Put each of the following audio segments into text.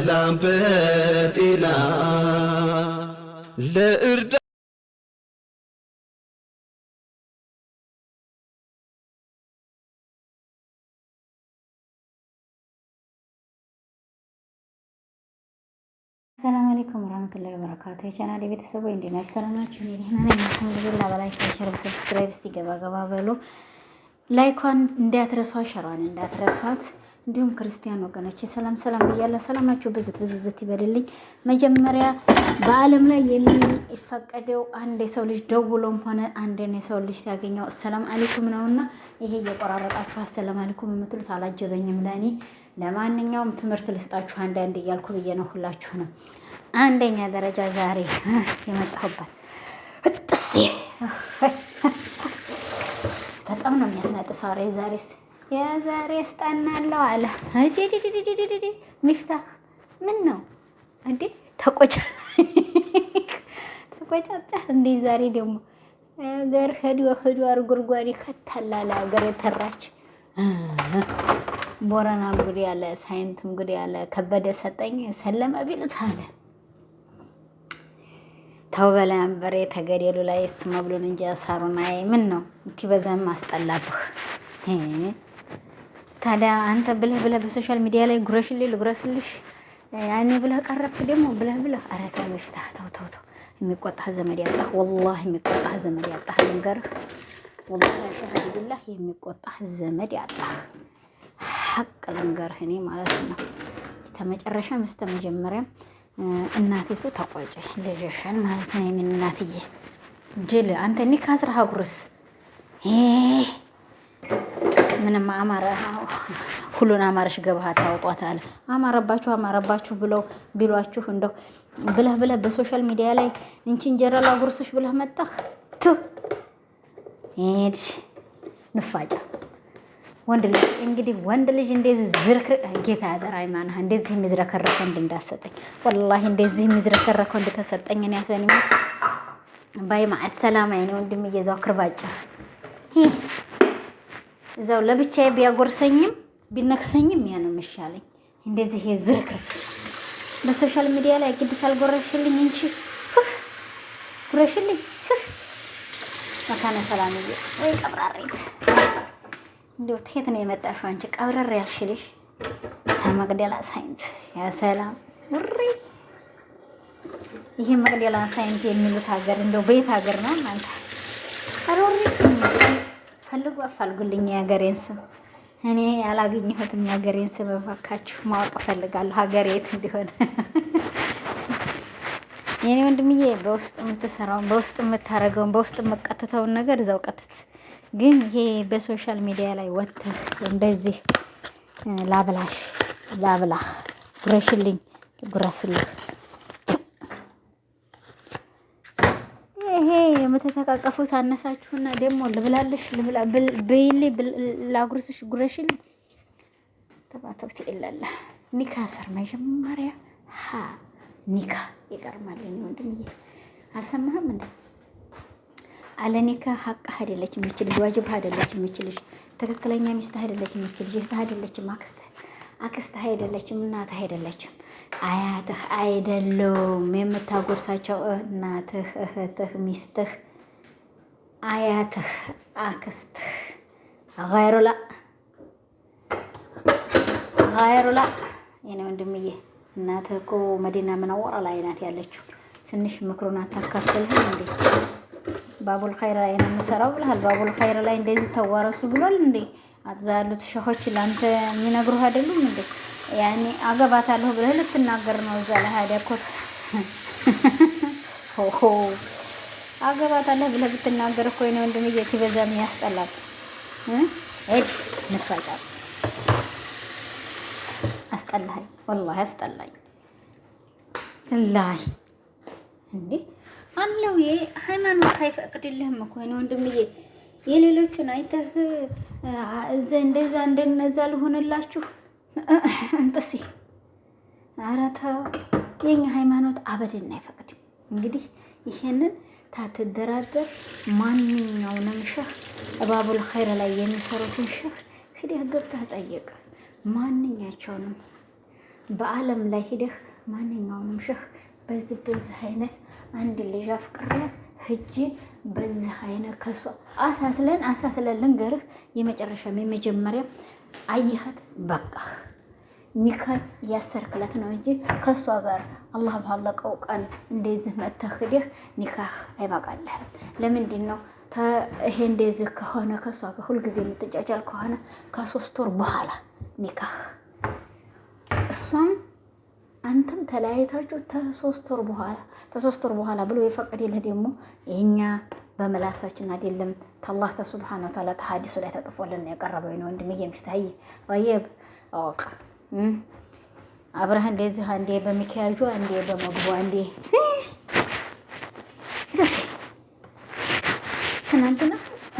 በሰላም በጤና ለእርዳ ሰላም አለይኩም ወራህመቱላሂ ወበረካቱ። የቻናል ቤተሰብ እንዴት ናችሁ? ሰላም ናችሁ? እኔ ደህና ነኝ አልሐምዱሊላህ። በላይክ ሼር፣ ሰብስክራይብ እስቲ ገባ ገባ በሉ። ላይኳን እንዳትረሷ፣ ሸሯን እንዳትረሷት እንዲሁም ክርስቲያን ወገኖች ሰላም ሰላም ብያለሁ። ሰላማችሁ ብዝት ብዝዝት ይበልልኝ። መጀመሪያ በዓለም ላይ የሚፈቀደው አንድ የሰው ልጅ ደውሎም ሆነ አንድን የሰው ልጅ ያገኘው አሰላም አሊኩም ነውና ይሄ እየቆራረጣችሁ አሰላም አሊኩም የምትሉት አላጀበኝም ለእኔ። ለማንኛውም ትምህርት ልስጣችሁ አንዳንድ እያልኩ ብዬ ነው ሁላችሁንም። አንደኛ ደረጃ ዛሬ የመጣሁበት በጣም ነው የሚያስነጥሰው ዛሬ የዛሬ ስጠናለው አለ ሚፍታ። ምን ነው እንዴ ተቆጫ ተቆጫጫ እንዴ? ዛሬ ደግሞ ሀገር ሄዶ ሄዶ አርጉርጓዴ ይከታል ሀገር የተራች ቦረና እንግዲህ ያለ ሳይንት እንግዲህ ያለ ከበደ ሰጠኝ ሰለመ ቢልት አለ ተው በላይ አንበሬ ተገደሉ ላይ እሱ መብሉን እንጂ አሳሩና ምን ነው እቲ በዛም አስጠላብህ። ታዲያ አንተ ብለህ ብለህ በሶሻል ሚዲያ ላይ ጉረሽልኝ ልጉረስልሽ ያኔ ብለህ ቀረብክ። ደግሞ ብለህ ብለህ ኧረ ተው ይፍታህ፣ ተው ተው ተው። የሚቆጣህ ዘመድ ያጣህ፣ ወላሂ የሚቆጣህ ዘመድ ያጣህ። ልንገርህ ወላሂ አሽሀዱላህ የሚቆጣህ ዘመድ ያጣህ። ሀቅ ልንገርህ እኔ ማለት ነው። ተመጨረሻ እስተ መጀመሪያም እናቴቱ ተቆጨሽ ልጅሽን ማለት ነው። የእኔን እናትዬ ጅል አንተ ኒካ አስረህ አጉርስ ምንም አማረ ሁሉን አማረሽ ገባህ አታውጧት አለ። አማረባችሁ አማረባችሁ ብለው ቢሏችሁ እንደው ብለህ ብለህ በሶሻል ሚዲያ ላይ እንቺ እንጀራ ላጉርስሽ ብለህ መጣህ ቱ ሄድ ንፋጫ ወንድ ልጅ እንግዲህ ወንድ ልጅ እንደዚህ ዝርክር ጌታ ያደር ሃይማኖት እንደዚህ የሚዝረከረከ ወንድ እንዳሰጠኝ ወላሂ እንደዚህ የሚዝረከረከ ወንድ ተሰጠኝ። እኔ ያሰኒ ባይማ ማዕሰላማ የኔ ወንድም እየዛው ክርባጫ እዛው ለብቻዬ ቢያጎርሰኝም ቢነክሰኝም ያ ነው የሚሻለኝ። እንደዚህ የዝርክርክ በሶሻል ሚዲያ ላይ ግድ ካልጎረሽልኝ እንቺ ጉረሽልኝ መካነ ሰላም እ ወይ ቀብራሬት እንዲያው ተየት ነው የመጣሽው አንቺ ቀብረር ያልሽልሽ መቅደላ ሳይንት ያ ሰላም ውሪ ይሄ መቅደላ ሳይንት የሚሉት ሀገር እንደው በየት ሀገር ነው እናንተ? ፈልጉ አፋልጉልኝ የሀገሬን ስም እኔ ያላገኘሁትም የሀገሬን ስም እባካችሁ ማወቅ እፈልጋለሁ። ሀገሬ የት እንዲሆን የኔ ወንድምዬ በውስጥ የምትሰራውን በውስጥ የምታደርገውን በውስጥ የምቀትተውን ነገር እዛው ቀትት። ግን ይሄ በሶሻል ሚዲያ ላይ ወጥተህ እንደዚህ ላብላሽ ላብላህ ጉረሽልኝ ጉረስልህ የምትተቃቀፉት አነሳችሁና ደግሞ ልብላለሽ ብይሌ ላጉርስሽ ጉረሽል ተባተብት ይላላ ኒካ ሰር መጀመሪያ ሀ ኒካ ይቀርማል። ኔ ወንድምዬ አልሰማህም እንዴ? አለ ኒካ ሀቅ አይደለች የምችልሽ፣ ዋጅብ አይደለች የምችልሽ፣ ትክክለኛ ሚስት አይደለች የምችልሽ፣ እህትህ አይደለች ማክስትህ አክስትህ አይደለችም፣ እናትህ አይደለችም፣ አያትህ አይደለውም። የምታጎርሳቸው እናትህ፣ እህትህ፣ ሚስትህ፣ አያትህ፣ አክስትህ ጋይሩላ ገይሩላ የኔ ወንድምዬ እናትህ እኮ መዲና መናወራ ላይ ናት ያለችው። ትንሽ ምክሩን አታካፍልህም እንዴ? ባቡል ኸይር ላይ ነው የምሰራው ብለሃል። ባቡል ኸይር ላይ እንደዚህ ተዋረሱ ብሏል እንዴ? አዛ ያሉት ሸሆች ለአንተ የሚነግሩህ አይደሉም እንዴ? ያኔ አገባታለሁ ብለህ ልትናገር ነው። እዛ ላይ ሀዲያ እኮ ሆሆ አገባታለሁ ብለህ ብትናገር እኮ ነው እየት በዛም ያስጠላል። እድ ንፋጫል አስጠላኸኝ፣ ወላሂ አስጠላኝ። ላይ እንዴ አለው ሃይማኖት አይፈቅድልህም እኮ ነው ወንድምዬ የሌሎቹን አይተህ እንደዛ እንደነዛ ልሆንላችሁ እንጥሴ አራታ የኛ ሃይማኖት አበድን አይፈቅድም። እንግዲህ ይሄንን ታትደራደር ማንኛውንም ሸህ እባቡል ኸይር ላይ የሚሰሩትን ሸህ ሂደህ ገብተህ ጠየቅ። ማንኛቸውንም በዓለም ላይ ሂደህ ማንኛውንም ሸህ በዚህ በዚህ አይነት አንድ ልጅ አፍቅሬያት ህጄ በዚህ አይነት ከሷ አሳስለን አሳስለን ልንገርህ፣ የመጨረሻም የመጀመሪያ አየሃት፣ በቃ ኒካ ያሰርክለት ነው እንጂ ከእሷ ጋር አላህ ባለቀው ቀን እንደዚህ መተህ ኒካህ አይበቃልህም። ለምንድን ነው ይሄ እንደዚህ ከሆነ ከእሷ ጋር ሁልጊዜ የምትጫጫል ከሆነ ከሶስት ወር በኋላ ኒካህ እሷም አንተም ተለያይታችሁ ተሶስት ወር በኋላ ተሶስት ወር በኋላ ብሎ የፈቀደልህ ደግሞ የእኛ በመላሳችን አይደለም ከአላህ ተሱብሓነ ወተዓላ ተሀዲሱ ላይ ተጥፎልን ነው የቀረበው ነው። ወንድምዬ ሚፍታዬ ጠየብ አወቅ አብረህ እንደዚህ አንዴ በሚካያጁ አንዴ በመግቡ አንዴ ትናንትና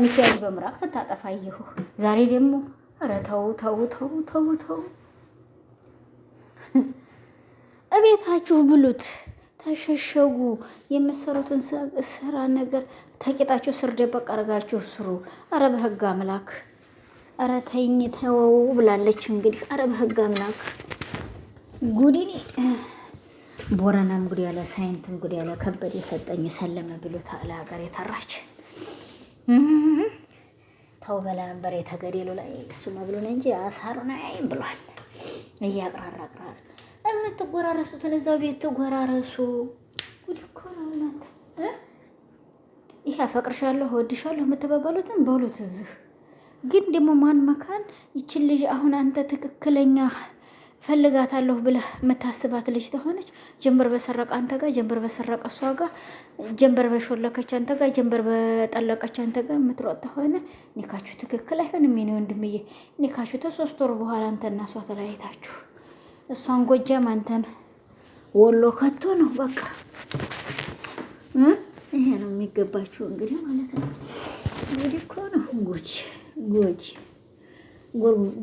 ሚካያጅ በምራቅ ትታጠፋ ይሁ ዛሬ ደግሞ ኧረ ተው ተው ተው ተው ተው እቤታችሁ ብሉት፣ ተሸሸጉ። የምሰሩትን ስራ ነገር ተቂጣችሁ ስር ደበቅ አርጋችሁ ስሩ። አረ በህግ አምላክ፣ አረ ተኝ ተወው ብላለች እንግዲህ። አረ በህግ አምላክ ጉዲኒ ቦረናም ጉድ ያለ ሳይንትም ጉድ ያለ ከበድ የሰጠኝ ሰለመ ብሎታ ሀገር የተራች ተው በላንበር የተገደሉ ላይ እሱ መብሉን እንጂ አሳሩን አይም ብሏል። እያቅራራ ቅራር ያልተጎራረሱትን እዛው ቤት ተጎራረሱ። ጉድ እኮ ነው እናንተ። ይሄ አፈቅርሻለሁ፣ እወድሻለሁ የምትባባሉትን በሉት። እዚህ ግን ደግሞ ማን መካን ይችን ልጅ አሁን አንተ ትክክለኛ ፈልጋታለሁ ብለህ የምታስባት ልጅ ተሆነች ጀንበር በሰረቀ አንተ ጋር፣ ጀንበር በሰረቀ እሷ ጋር፣ ጀንበር በሾለከች አንተ ጋር፣ ጀንበር በጠለቀች አንተ ጋር የምትሮጥ ተሆነ ኒካችሁ ትክክል አይሆንም። የኔ ወንድምዬ ኒካችሁ ተሶስት ወር በኋላ አንተና እሷ ተለያይታችሁ እሷን ጎጃም፣ አንተን ወሎ ከቶ ነው። በቃ ይሄ ነው የሚገባችሁ እንግዲህ ማለት ነው። እንግዲህ እኮ ነው ጉድ ጉድ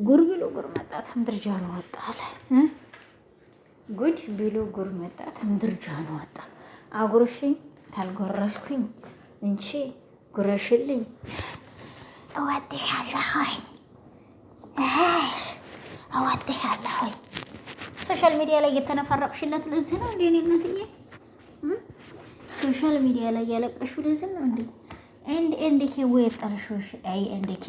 ጉር ቢሉ ጉድ መጣ። ተምድርጃ ነው ወጣ አለ ጉድ ቢሉ ጉድ መጣ። ተምድርጃ ነው ወጣ። አጉርሽኝ ታልጎረስኩኝ እንቺ ጉረሽልኝ እወድሻለሁ ሆይ ሶሻል ሚዲያ ላይ እየተነፈረቅሽለት ለዚህ ነው እንዴ? እናትዬ ሶሻል ሚዲያ ላይ ያለቀሽው ለዚህ ነው እንዴ? እንድ እንዴኬ ወይ ጠልሾሽ አይ እንዴኬ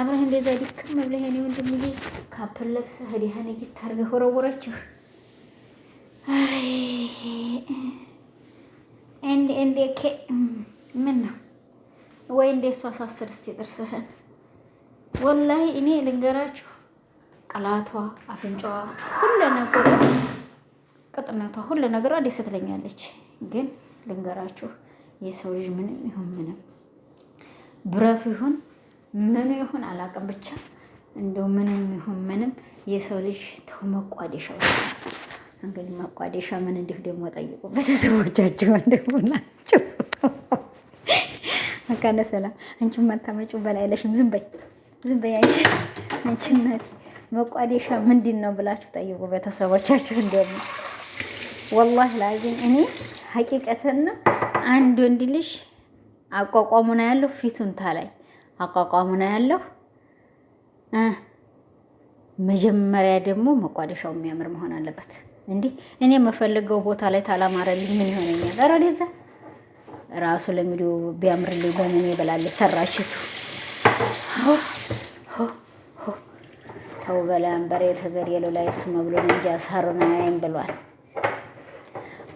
አብረህ እንደዛ ዲክም ብለህ እኔ ወንድምዬ ካፕል ለብሰህ ዲሃን እየታርገህ ወረወረችህ። አይ እንዴ እንዴኬ ምን ነው ወይ እንዴ እሷ ሳስር እስቲ ጥርስህን ወላሂ እኔ ልንገራችሁ ቅላቷ፣ አፍንጫዋ፣ ሁሉ ነገሯ፣ ቅጥነቷ፣ ሁሉ ነገሯ ደስ ትለኛለች። ግን ልንገራችሁ የሰው ልጅ ምንም ይሁን ምንም ብረቱ ይሁን ምኑ ይሁን አላውቅም፣ ብቻ እንደው ምንም ይሁን ምንም የሰው ልጅ ተው መቋደሻ እንግዲህ መቋደሻ ምን እንዲሁ ደግሞ ጠይቁ። ቤተሰቦቻቸውን ደግሞ ናቸው መካነ ሰላም አንቺ ማታመጪው በላይ ለሽም ዝም በይ ዝም በይ አንቺ አንቺነት መቋደሻ ምንድን ነው ብላችሁ ጠይቁ ቤተሰቦቻችሁ። እንደሆነ ወላህ ላዚም እኔ ሀቂቀተና አንድ ወንድ ልጅ አቋቋሙና ያለሁ ፊቱን ታላይ አቋቋሙና ያለሁ መጀመሪያ ደግሞ መቋደሻው የሚያምር መሆን አለበት። እንዲህ እኔ የምፈልገው ቦታ ላይ ታላማረልኝ ምን ይሆነኛል? ኧረ ሌዛ ራሱ ለሚዲ ቢያምርልኝ በምን ይበላል ሰራችቱ ከው በላም በሬ ተገደሉ ላይ እሱ መብሉን እንጂ አሳሩን አያይም ብሏል።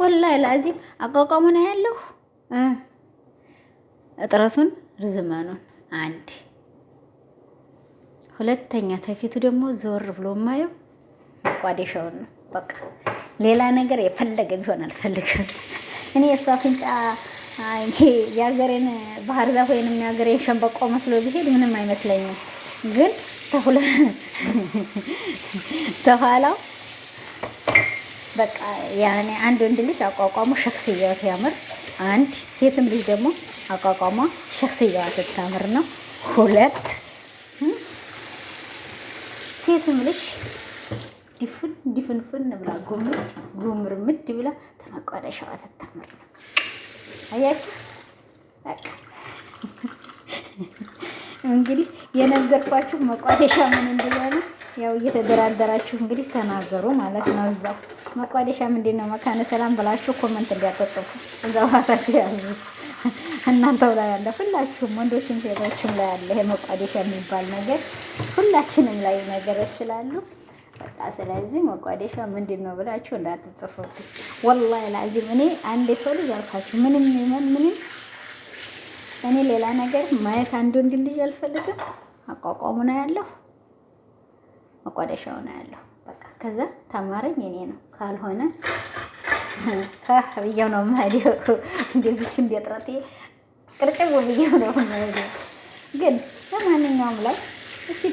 ወላሂ ለአዚም አቋቋሙን ያለሁ እጥረቱን ርዝመኑን አንድ ሁለተኛ ተፊቱ ደግሞ ዞር ብሎ ማየው ቋዴሻውን ነው። በቃ ሌላ ነገር የፈለገ ቢሆን አልፈልግም። እኔ እሷ አፍንጫ የሀገሬን ባህር ዛፍ ወይንም የሀገሬን ሸንበቆ መስሎ ቢሄድ ምንም አይመስለኝም። ግን ተኋላው በቃ ያኔ አንድ ወንድ ልጅ አቋቋሙ ሸክስያው ሲያምር፣ አንድ ሴትም ልጅ ደግሞ አቋቋሟ ሸክስያዋ ስታምር ነው። ሁለት ሴትም ልጅ ድፍን ድፍንፍን ብላ ጉምድ ጉምርምድ ብላ ተመቋደሻዋ ስታምር ነው። አያችሁ በቃ እንግዲህ የነገርኳችሁ መቋደሻ ምን እንደሆነ ያው እየተደራደራችሁ እንግዲህ ተናገሩ ማለት ነው። እዛው መቋደሻ ምንድን ነው መካነ ሰላም ብላችሁ ኮመንት እንዲያተጽፉ እዛው ራሳችሁ ያዙ። እናንተው ላይ ያለ ሁላችሁም ወንዶችም ሴቶችም ላይ ያለ ይሄ መቋደሻ የሚባል ነገር ሁላችንም ላይ ነገሮች ስላሉ በቃ ስለዚህ መቋደሻ ምንድን ነው ብላችሁ እንዳትጽፉት። ወላሂ ላዚም እኔ አንዴ ሰው ልጅ አልኳችሁ ምንም ይሆን ምንም እኔ ሌላ ነገር ማየት አንድ ወንድ ልጅ አልፈልግም። አቋቋሙ ነው ያለው፣ መቋደሻው ነው ያለው። በቃ ከዛ ተማረኝ እኔ ነው ካልሆነ ብየው ነው የምሄደው። እንደዚች እንዲጥረቴ ቅርጭቡ ብየው ነው የምሄደው። ግን ለማንኛውም ላይ እስቲ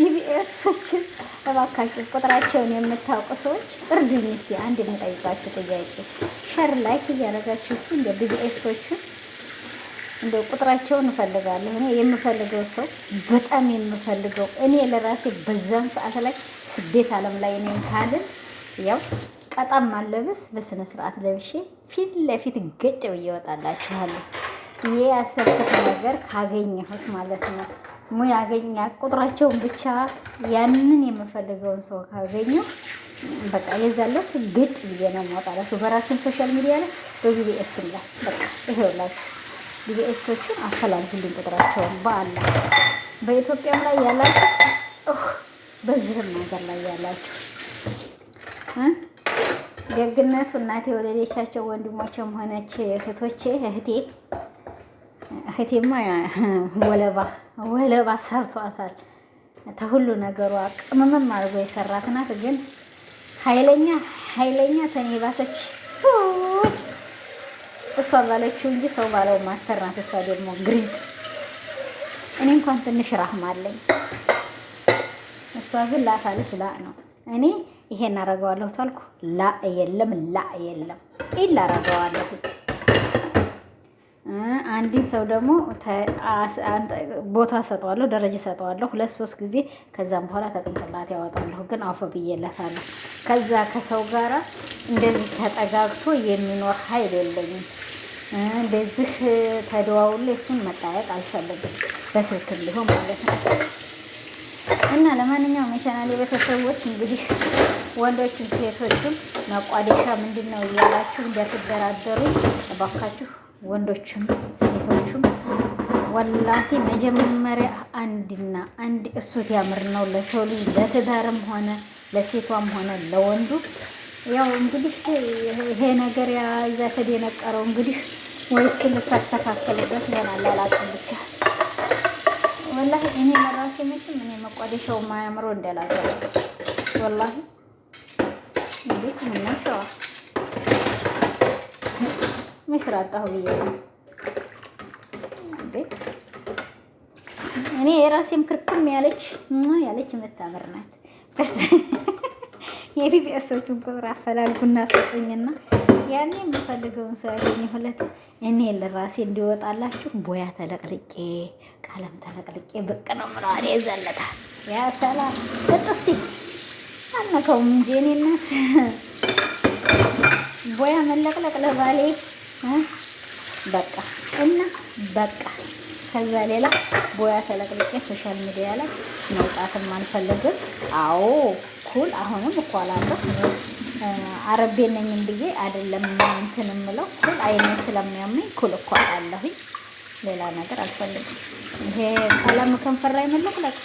ቢቢኤሶችን እባካችሁ ቁጥራቸውን የምታውቁ ሰዎች እርዱኝ። እስቲ አንድ የምጠይቃችሁ ጥያቄ ሸር ላይክ እያደረጋችሁ እስቲ እንደ ቢቢኤሶችን እንደ ቁጥራቸውን እፈልጋለሁ። እኔ የምፈልገው ሰው በጣም የምፈልገው እኔ ለራሴ በዛም ሰዓት ላይ ስደት ዓለም ላይ እኔ ካልን ያው ቀጣም ማለብስ በስነ ስርዓት ለብሼ ፊት ለፊት ገጭ ብዬ እወጣላችኋለሁ። ይሄ ያሰብኩት ነገር ካገኘሁት ማለት ነው። ሙያ ያገኛ ቁጥራቸውን ብቻ ያንን የምፈልገውን ሰው ካገኘ በቃ የዛለት ግጭ ብዬ ነው የማወጣላችሁ በራሴም ሶሻል ሚዲያ ላይ በቢቢኤስ ላይ በቃ ይሄውላችሁ ቢቢኤሶቹን አፈላልጉልኝ ቁጥራቸውን በአለ በኢትዮጵያም ላይ ያላችሁ በዚህም ነገር ላይ ያላችሁ ደግነቱ እናቴ ወለደቻቸው ወንድሞቼም ሆነች እህቶቼ እህቴ እህቴማ ወለባ ወለባ ሰርቷታል። ተሁሉ ነገሯ ቅምምም አድርጎ የሰራት ናት። ግን ኃይለኛ ኃይለኛ ተኔ ባሰች እሷ ባለችው እንጂ ሰው ባለው ማተርናት። እሷ ደግሞ ግሪድ። እኔ እንኳን ትንሽ ራህማ አለኝ፣ እሷ ግን ላታልች ላ ነው። እኔ ይሄን አረገዋለሁ ታልኩ ላ የለም ላ የለም ኢላ አረገዋለሁ። አንድን ሰው ደግሞ ቦታ ሰጠዋለሁ፣ ደረጃ ሰጠዋለሁ ሁለት ሶስት ጊዜ። ከዛም በኋላ ተቅንጭላት ያወጣለሁ፣ ግን አውፎ ብዬለታለሁ። ከዛ ከሰው ጋራ እንደዚህ ተጠጋግቶ የሚኖር ኃይል የለኝም። እንደዚህ ተደዋውላ እሱን መጣየቅ አልፈልግም፣ በስልክም ቢሆን ማለት ነው። እና ለማንኛውም የቻናሌ ቤተሰቦች እንግዲህ ወንዶችም ሴቶችም መቋደሻ ምንድን ነው እያላችሁ እንደትደራደሩ እባካችሁ፣ ወንዶችም ሴቶችም ወላሂ መጀመሪያ አንድና አንድ እሱት ያምር ነው ለሰው ልጅ ለትዳርም ሆነ ለሴቷም ሆነ ለወንዱ ያው እንግዲህ ይሄ ነገር ያዛተድ የነቀረው እንግዲህ ወይ እሱን ልታስተካከልበት ይሆናል። አላውቅም ብቻ ወላሂ እኔ መራሴ መቼም እኔ መቋደሻው ማያምሮ እንዳላገር ወላሂ እንዴት ምናሸዋ ሚስራጣሁ ብዬ ነው እኔ የራሴም ክርክም ያለች ያለች የምታምር ናት። የቢቢኤሶቹን ቁጥር አፈላልጉና ሰጡኝና ያኔ የምፈልገውን ሰው ያገኝ ሁለት እኔ ለራሴ እንዲወጣላችሁ ቦያ ተለቅልቄ ቀለም ተለቅልቄ ብቅ ነው ምለዋል። ዘለታ ያ ሰላም እጥሲ አልነከውም እንጂ እኔና ቦያ መለቅለቅ ለባሌ በቃ እና በቃ ከዛ ሌላ ቦያ ተለቅልቄ ሶሻል ሚዲያ ላይ መውጣትም አንፈልግም። አዎ ኩል አሁንም እኮ አላለሁ አረቤ ነኝም ብዬ አይደለም እንትን የምለው ኩል አይኔ ስለሚያመኝ ኩል እኮ አላለሁኝ። ሌላ ነገር አልፈልግም። ይሄ ቀለም ከንፈር ላይ መለቅለቅ፣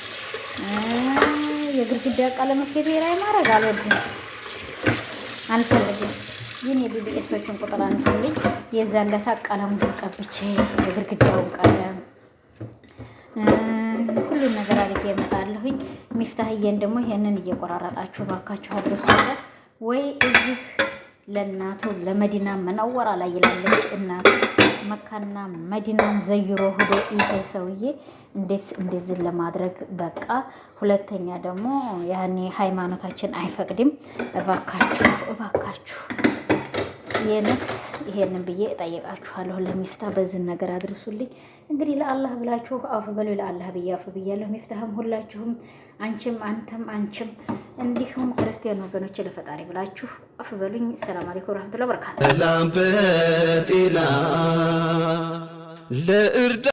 የግድግዳ ቀለም ፊቴ ላይ ማድረግ አልወድም፣ አልፈልግም። ይህን የቢቢኤሶችን ቁጥር አንዱልኝ የዛለታ ቀለሙን ቀብቼ የግድግዳውን ቀለም ሁሉን ነገር አድርጌ እመጣለሁኝ። ሚፍታህዬን ደግሞ ይሄንን እየቆራረጣችሁ ባካችሁ አድርሱ ወይ እዚህ ለእናቱ ለመዲና መነወራ ላይ ይላለች እናቱ መካና መዲናን ዘይሮ ሂዶ ይሄ ሰውዬ እንዴት እንደዚህ ለማድረግ በቃ። ሁለተኛ ደግሞ ያኔ ሃይማኖታችን አይፈቅድም። እባካችሁ እባካችሁ የነፍስ ይሄንን ብዬ እጠይቃችኋለሁ። ለሚፍታ በዝን ነገር አድርሱልኝ። እንግዲህ ለአላህ ብላችሁ አፍ በሉ። ለአላህ ብዬ አፍ ብያለሁ። ሚፍታህም ሁላችሁም፣ አንቺም፣ አንተም፣ አንቺም እንዲሁም ክርስቲያን ወገኖች ለፈጣሪ ብላችሁ አፍ በሉኝ። ሰላም አለይኩም ረመቱላ በረካቱ